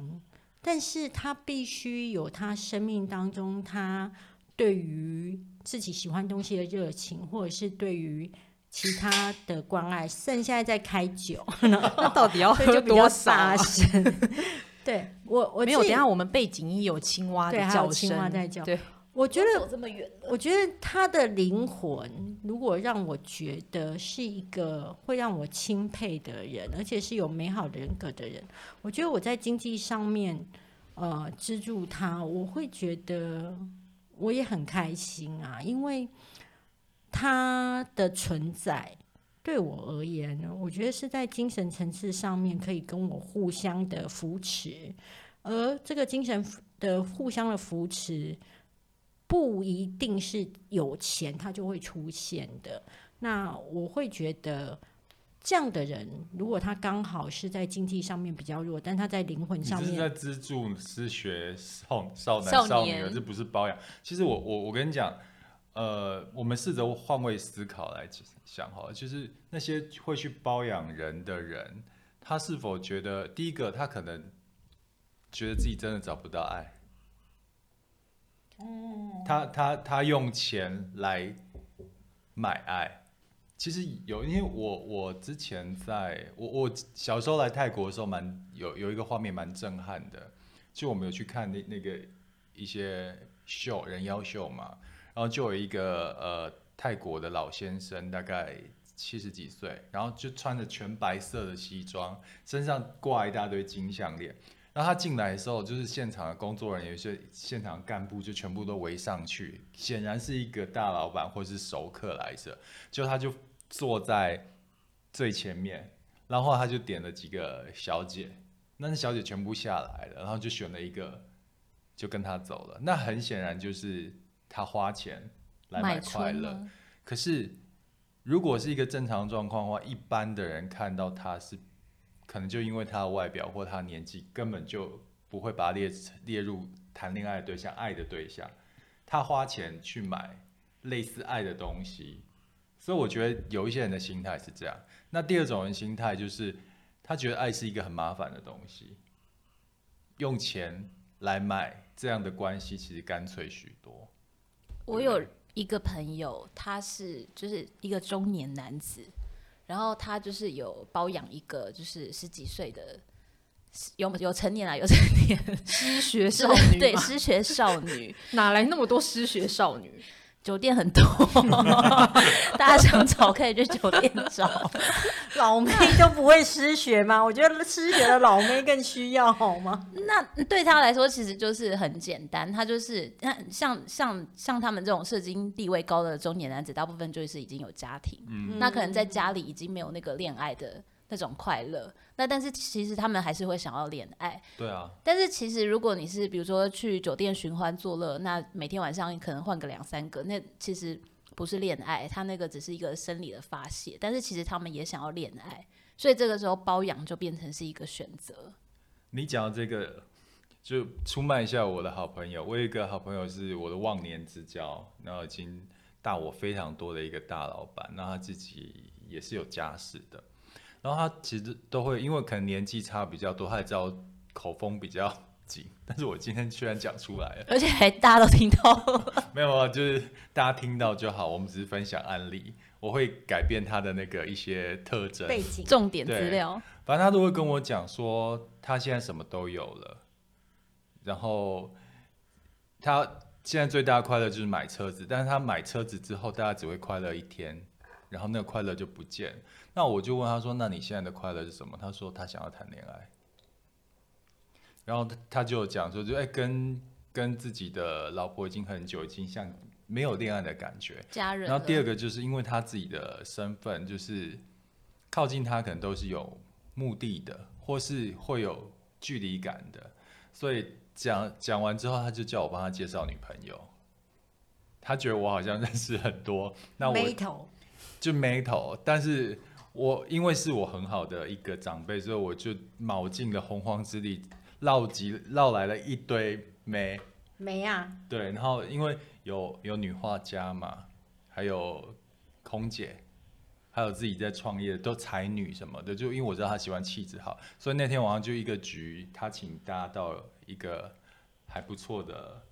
但是他必須有他生命當中他。對於自己喜歡東西的熱情，或者是對於其他的關愛， <coughs> 剩下在開酒，那 <laughs> 到底要喝多少啊？ <laughs> 對我，我沒有。等下我們背景音有青蛙在叫，青蛙在叫。對我覺得，我覺得他的靈魂，如果讓我覺得是一個會讓我欽佩的人，而且是有美好的人格的人，我覺得我在經濟上面呃資助他，我會覺得。我也很開心啊，因為他的存在對我而言，我覺得是在精神層次上面可以跟我互相的扶持，而這個精神的互相的扶持不一定是有錢他就會出現的。那我會覺得。這樣的人，如果他剛好是在經濟上面比較弱，但他在靈魂上面，這是在資助失學少少、少男少、少女，這不是包養。其實我我我跟你講，呃，我們試着換位思考來想哈，就是那些會去包養人的人，他是否覺得，第一個他可能覺得自己真的找不到愛，嗯，他他他用錢來買愛。其實有，因為我我之前在我我小時候來泰國的時候蠻，蠻有有一個畫面蠻震撼的，就我們有去看那那個一些秀人妖秀嘛，然後就有一個呃泰國的老先生，大概七十幾歲，然後就穿着全白色的西裝，身上掛一大堆金項鏈，然後他進來的時候，就是現場的工作人員、有些現場幹部就全部都圍上去，顯然是一個大老板或者是熟客來着，就他就。坐在最前面，然後他就點了幾個小姐，那小姐全部下來了，然後就選了一個，就跟他走了。那很顯然就是他花錢來買快樂。可是如果是一個正常狀況的話，一般的人看到他是，可能就因為他的外表或他年紀，根本就不會把他列列入談戀愛的對象、愛的對象。他花錢去買類似愛的東西。所以我覺得有一些人的心態是這樣。那第二種人心態就是，他覺得愛是一個很麻煩的東西，用錢來買這樣的關係其實乾脆許多。我有一個朋友，他是就是一個中年男子，然後他就是有包養一個就是十幾歲的，有有成年啦有成年 <laughs> 失，學失學少女，對失學少女，哪來那麼多失學少女？酒店很多， <laughs> 大家想找可以去酒店找 <laughs> 老。老妹都不會失學嗎？ <laughs> 我覺得失學的老妹更需要好嗎？那對他來說其實就是很簡單，他就是像像像他們這種社經地位高的中年男子，大部分就是已經有家庭。嗯，那可能在家裡已經沒有那個戀愛的。那種快樂，那但是其實他們還是會想要戀愛，對啊。但是其實如果你是比如說去酒店尋歡作樂，那每天晚上你可能換個兩三個，那其實不是戀愛，他那個只是一個生理的發洩。但是其實他們也想要戀愛，所以這個時候包養就變成是一個選擇。你講到這個，就出賣一下我的好朋友。我有一個好朋友是我的忘年之交，然後已經大我非常多的一個大老板，那他自己也是有家室的。然後他其實都會，因為可能年紀差比較多，他也知道口風比較緊。但是我今天居然講出來了，而且還大家都聽到。 <laughs> 沒有，就是大家聽到就好。我們只是分享案例，我會改變他的那個一些特徵、背景、重點資料。反正他都會跟我講說，他現在什麼都有了。然後他現在最大的快樂就是買車子，但是他買車子之後，大家只會快樂一天，然後那個快樂就不見了。那我就問他說：“那你現在的快樂是什麼？”他說：“他想要談戀愛。”然後他他就講說就：“就、欸、哎，跟跟自己的老婆已經很久，已經像沒有戀愛的感覺。”家人。然後第二個就是因為他自己的身份，就是靠近他可能都是有目的的，或是會有距離感的。所以講講完之後，他就叫我幫他介紹女朋友。他覺得我好像認識很多，那我沒頭就沒頭，但是。我因為是我很好的一個長輩，所以我就卯盡了洪荒之力，繞集繞來了一堆妹妹啊！對，然後因為有有女畫家嘛，還有空姐，還有自己在創業，都才女什麼的。就因為我知道她喜歡氣質好，所以那天晚上就一個局，她請大家到一個還不錯的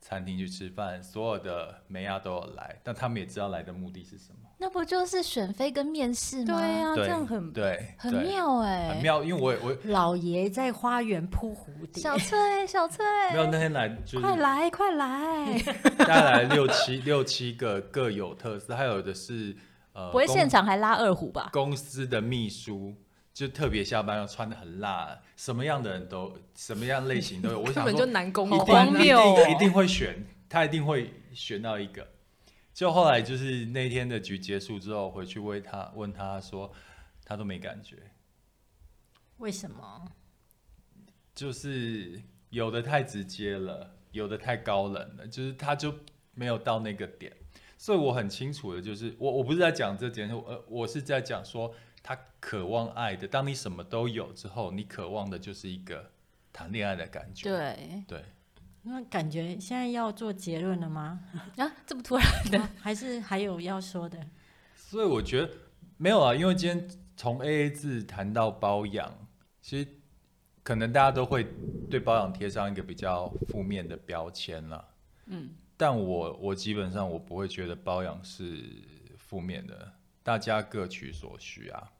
餐廳去吃飯，所有的妹啊都有來，但他們也知道來的目的是什麼。那不就是選妃跟面試嗎？對啊，這樣很對，很妙哎、欸，很妙。因為我我老爺在花園撲蝴蝶，小翠小翠，沒有那天來，快來快來，帶來六七 <laughs> 六七個各有特色，還有的是呃，不會現場還拉二胡吧？公司的秘書就特別下班要穿的很辣，什麼樣的人都，什麼樣類型都有。我 <laughs> 想根本就難攻，好荒謬哦，一定他一定會選，他一定會選到一個。就後來就是那天的局結束之後，回去問他，問他說，他都沒感覺。為什麼？就是有的太直接了，有的太高冷了，就是他就沒有到那個點。所以我很清楚的就是，我我不是在講這件事，呃，我是在講說他渴望愛的。當你什麼都有之後，你渴望的就是一個談戀愛的感覺。對對。那感覺現在要做結論了嗎？啊，這麼突然的、 <laughs> 啊，還是還有要說的？所以我覺得沒有啊，因為今天從 AA 制談到包養，其實可能大家都會對包養貼上一個比較負面的標籤了。嗯，但我我基本上我不會覺得包養是負面的，大家各取所需啊。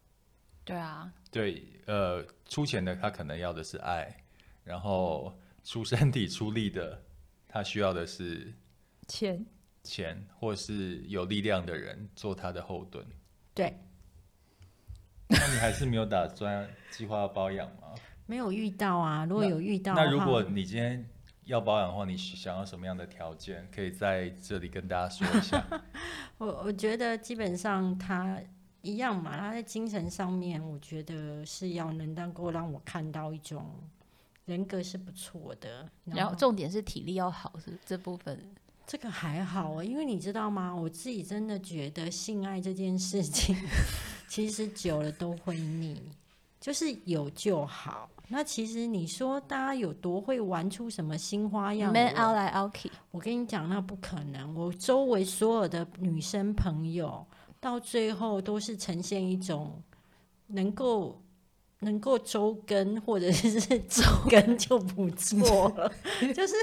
對啊，對，呃，出錢的他可能要的是愛，然後。出身體出力的，他需要的是錢，錢或是有力量的人做他的後盾。對，那你還是沒有打算計劃要包養嗎？ <laughs> 沒有遇到啊，如果有遇到的話，那，那如果你今天要包養的話，你想要什麼樣的條件？可以在這裡跟大家說一下。 <laughs> 我我覺得基本上他一樣嘛，他在精神上面，我覺得是要能夠讓我看到一種。人格是不錯的，然，然後重點是體力要好，是，是這部分。這個還好啊、哦，因為你知道嗎？我自己真的覺得，性愛這件事情 <laughs> 其實久了都會膩，就是有就好。那其實你說大家有多會玩出什麼新花樣？Man out, lucky、like。我跟你講，那不可能。我周圍所有的女生朋友到最後都是呈現一種能夠。能夠週耕或者是週耕就不錯了， <laughs> 就是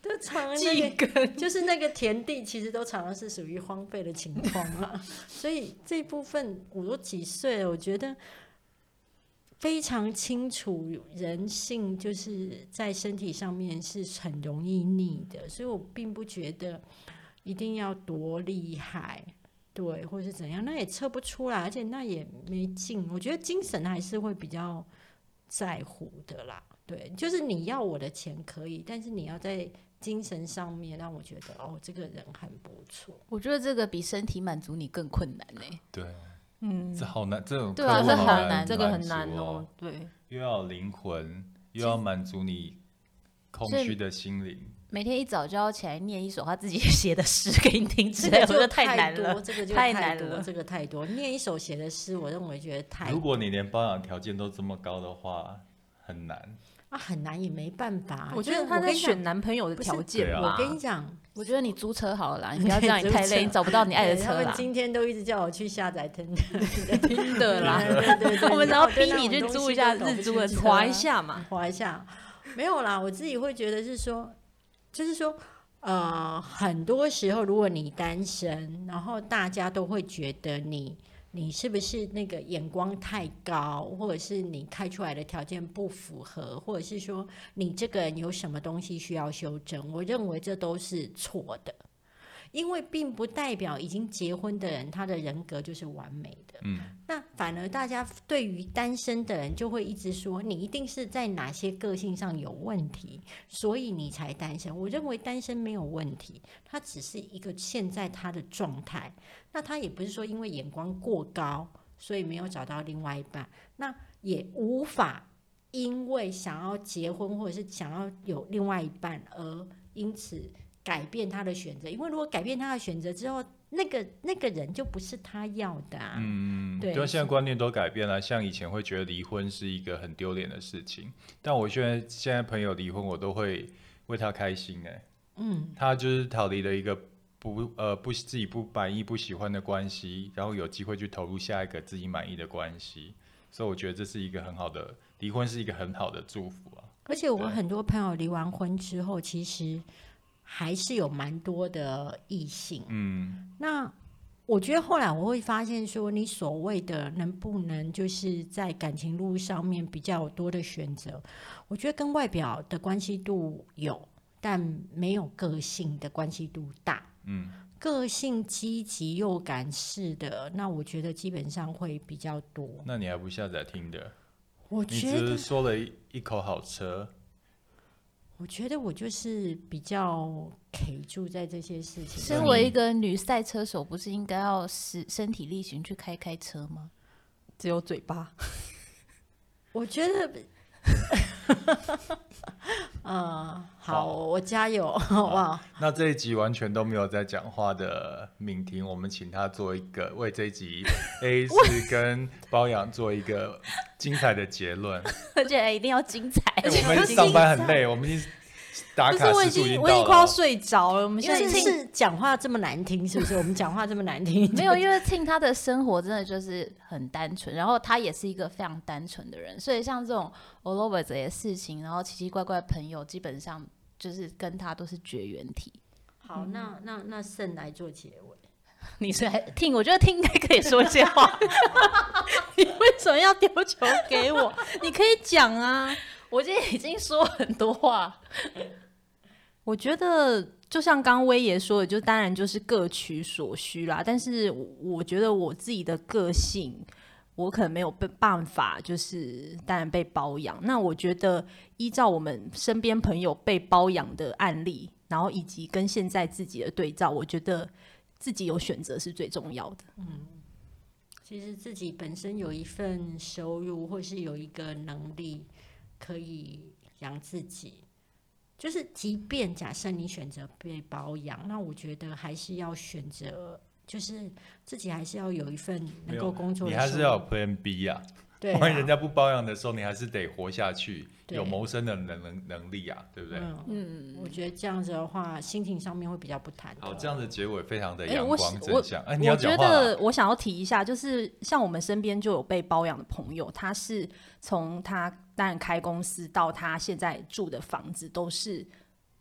都常那個就是那個田地，其實都常常是屬於荒廢的情況啊。所以這部分我都幾歲了，我覺得非常清楚，人性就是在身體上面是很容易膩的，所以我並不覺得一定要多厲害。對，或者是怎樣，那也測不出來，而且那也沒勁。我覺得精神還是會比較在乎的啦。對，就是你要我的錢可以，但是你要在精神上面讓我覺得哦，這個人很不錯。我覺得這個比身體滿足你更困難呢、欸。對，嗯，這好難，這種對啊，這很難、哦，這個很難哦。對，又要靈魂，又要滿足你空虛的心靈。每天一早就要起來念一首他自己寫的詩給你聽，之類，我覺得太難了。這個太多，這個太多。念一首寫的詩，我認為覺得太……如果你連包養條件都這麼高的話，很難啊，很難，也沒辦法。我覺得他可以選男朋友的條件。我跟你講，我覺得你租車好了，你不要這樣，你太累，你找不到你愛的車了。今天都一直叫我去下載聽的啦，對，我們只要逼你去租一下自租的，劃一下嘛，劃一下。沒有啦，我自己會覺得是說。就是說，呃，很多時候如果你單身，然後大家都會覺得你，你是不是那個眼光太高，或者是你開出來的條件不符合，或者是說你這個人有什麼東西需要修正？我認為這都是錯的。因為並不代表已經結婚的人他的人格就是完美的，嗯，那反而大家對於單身的人就會一直說你一定是在哪些個性上有問題，所以你才單身。我認為單身沒有問題，他只是一個現在他的狀態，那他也不是說因為眼光過高所以沒有找到另外一半，那也無法因為想要結婚或者是想要有另外一半而因此。改變他的選擇，因為如果改變他的選擇之後，那個那個人就不是他要的啊。嗯，對。現在觀念都改變了，像以前會覺得離婚是一個很丟臉的事情，但我現在現在朋友離婚，我都會為他開心哎。嗯，他就是逃離了一個不呃不自己不滿意不喜歡的關係，然後有機會去投入下一個自己滿意的關係，所以我覺得這是一個很好的離婚，是一個很好的祝福啊。而且我很多朋友離完婚之後，其實。還是有蠻多的異性，嗯，那我覺得後來我會發現，說你所謂的能不能就是在感情路上面比較多的選擇，我覺得跟外表的關係度有，但沒有個性的關係度大，嗯，個性積極又敢試的，那我覺得基本上會比較多。那你還不下載聽的？我覺得你只說了一口好車。我覺得我就是比較卡住在這些事情。身為一個女賽車手，不是應該要身身體力行去開開車嗎？只有嘴巴。 <laughs> 我覺得。 <laughs> 嗯好，好，我加油，好不好，好？那這一集完全都沒有在講話的敏婷，我們請他做一個為這一集 AA 制跟包養做一個精彩的結論，而 <laughs> 且一定要精彩，欸。我們上班很累， <laughs> 我們已經。就是我已經，我已經快要睡着了。我們現在聽講話這麼難聽，是不是？ <laughs> 我們講話這麼難聽， <laughs> 沒有，因為 Tim 他的生活真的就是很單純，然後他也是一個非常單純的人，所以像這種 all over 這些事情，然後奇奇怪怪的朋友，基本上就是跟他都是絕緣體。好，那那那腎來做結尾， <laughs> 你來是聽， <laughs> Tim, 我覺得 Tim 應該可以說一些話。 <laughs> 你為什麼要丟球給我？ <laughs> 你可以講啊，我今天已經說很多話。欸我覺得就像剛威爺說的，就當然就是各取所需啦。但是我覺得我自己的個性，我可能沒有辦法，就是當然被包養。那我覺得依照我們身邊朋友被包養的案例，然後以及跟現在自己的對照，我覺得自己有選擇是最重要的。嗯，其實自己本身有一份收入，或是有一個能力，可以養自己。就是，即便假設你選擇被包養，那我覺得還是要選擇，就是自己還是要有一份能夠工作的，你還是要有 Plan B 呀、啊。萬一、啊、人家不包養的時候，你還是得活下去，有謀生的能能能力啊，對不對？嗯嗯，我覺得這樣子的話，心情上面會比較不談。好，這樣子結尾非常的陽光正向。哎、欸欸，你要講話。我覺得我想要提一下，就是像我們身邊就有被包養的朋友，他是從他當然開公司到他現在住的房子都是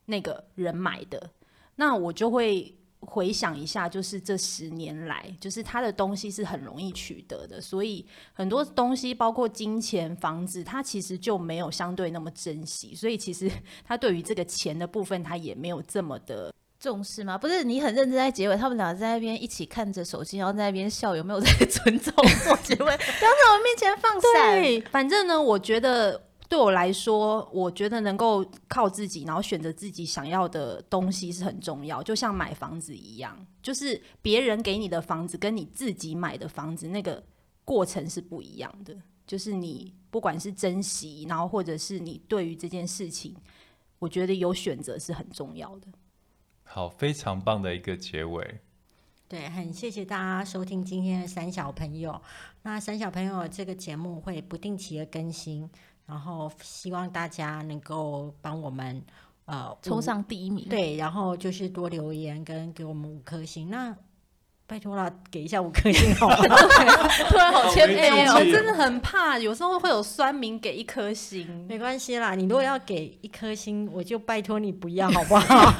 那個人買的，那我就會。回想一下，就是這十年來，就是他的東西是很容易取得的，所以很多東西，包括金錢、房子，他其實就沒有相對那麼珍惜，所以其實他對於這個錢的部分，他也沒有這麼的重視嗎？不是，你很認真在結尾，他們兩個在那邊一起看着手機，然後在那邊笑，有沒有在尊重過我？結尾不要在我面前放肆。對，反正呢，我覺得。對我來說，我覺得能夠靠自己，然後選擇自己想要的東西是很重要。就像買房子一樣，就是別人給你的房子跟你自己買的房子，那個過程是不一樣的。就是你不管是珍惜，然後或者是你對於這件事情，我覺得有選擇是很重要的。好，非常棒的一個結尾。對，很謝謝大家收聽今天的三小朋友。那三小朋友這個節目會不定期的更新。然後希望大家能夠幫我們，呃，衝上第一名。對，然後就是多留言跟給我們五顆星。啊，那。拜託啦，給一下五顆星，好 <laughs> <laughs> <laughs> 突然好謙卑哦，真的很怕。 <laughs> 有時候會有酸民給一顆星， <laughs> 沒關係啦。你如果要給一顆星，我就拜託你不要，好不好？ <laughs>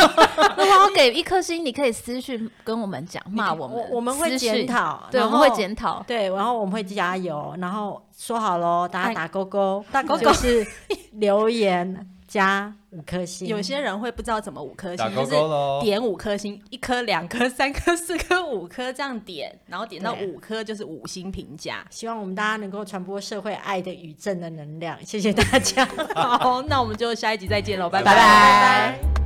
如果要給一顆星 <laughs> 你，你可以私訊跟我們講，罵我們，我，我們會檢討，對，我們會檢討，對，然後我們會加油，然後說好嘍，大家打勾勾，打勾勾就是 <laughs> 留言。 <laughs> 加五顆星，有些人會不知道怎麼五顆星扣扣、哦，就是點五顆星，一顆、兩顆、三顆、四顆、五顆這樣點，然後點到五顆就是五星評價。希望我們大家能夠傳播社會愛的與正的能量，謝謝大家。 <laughs> 好， <laughs> 那我們就下一集再見嘍， <laughs> 拜拜。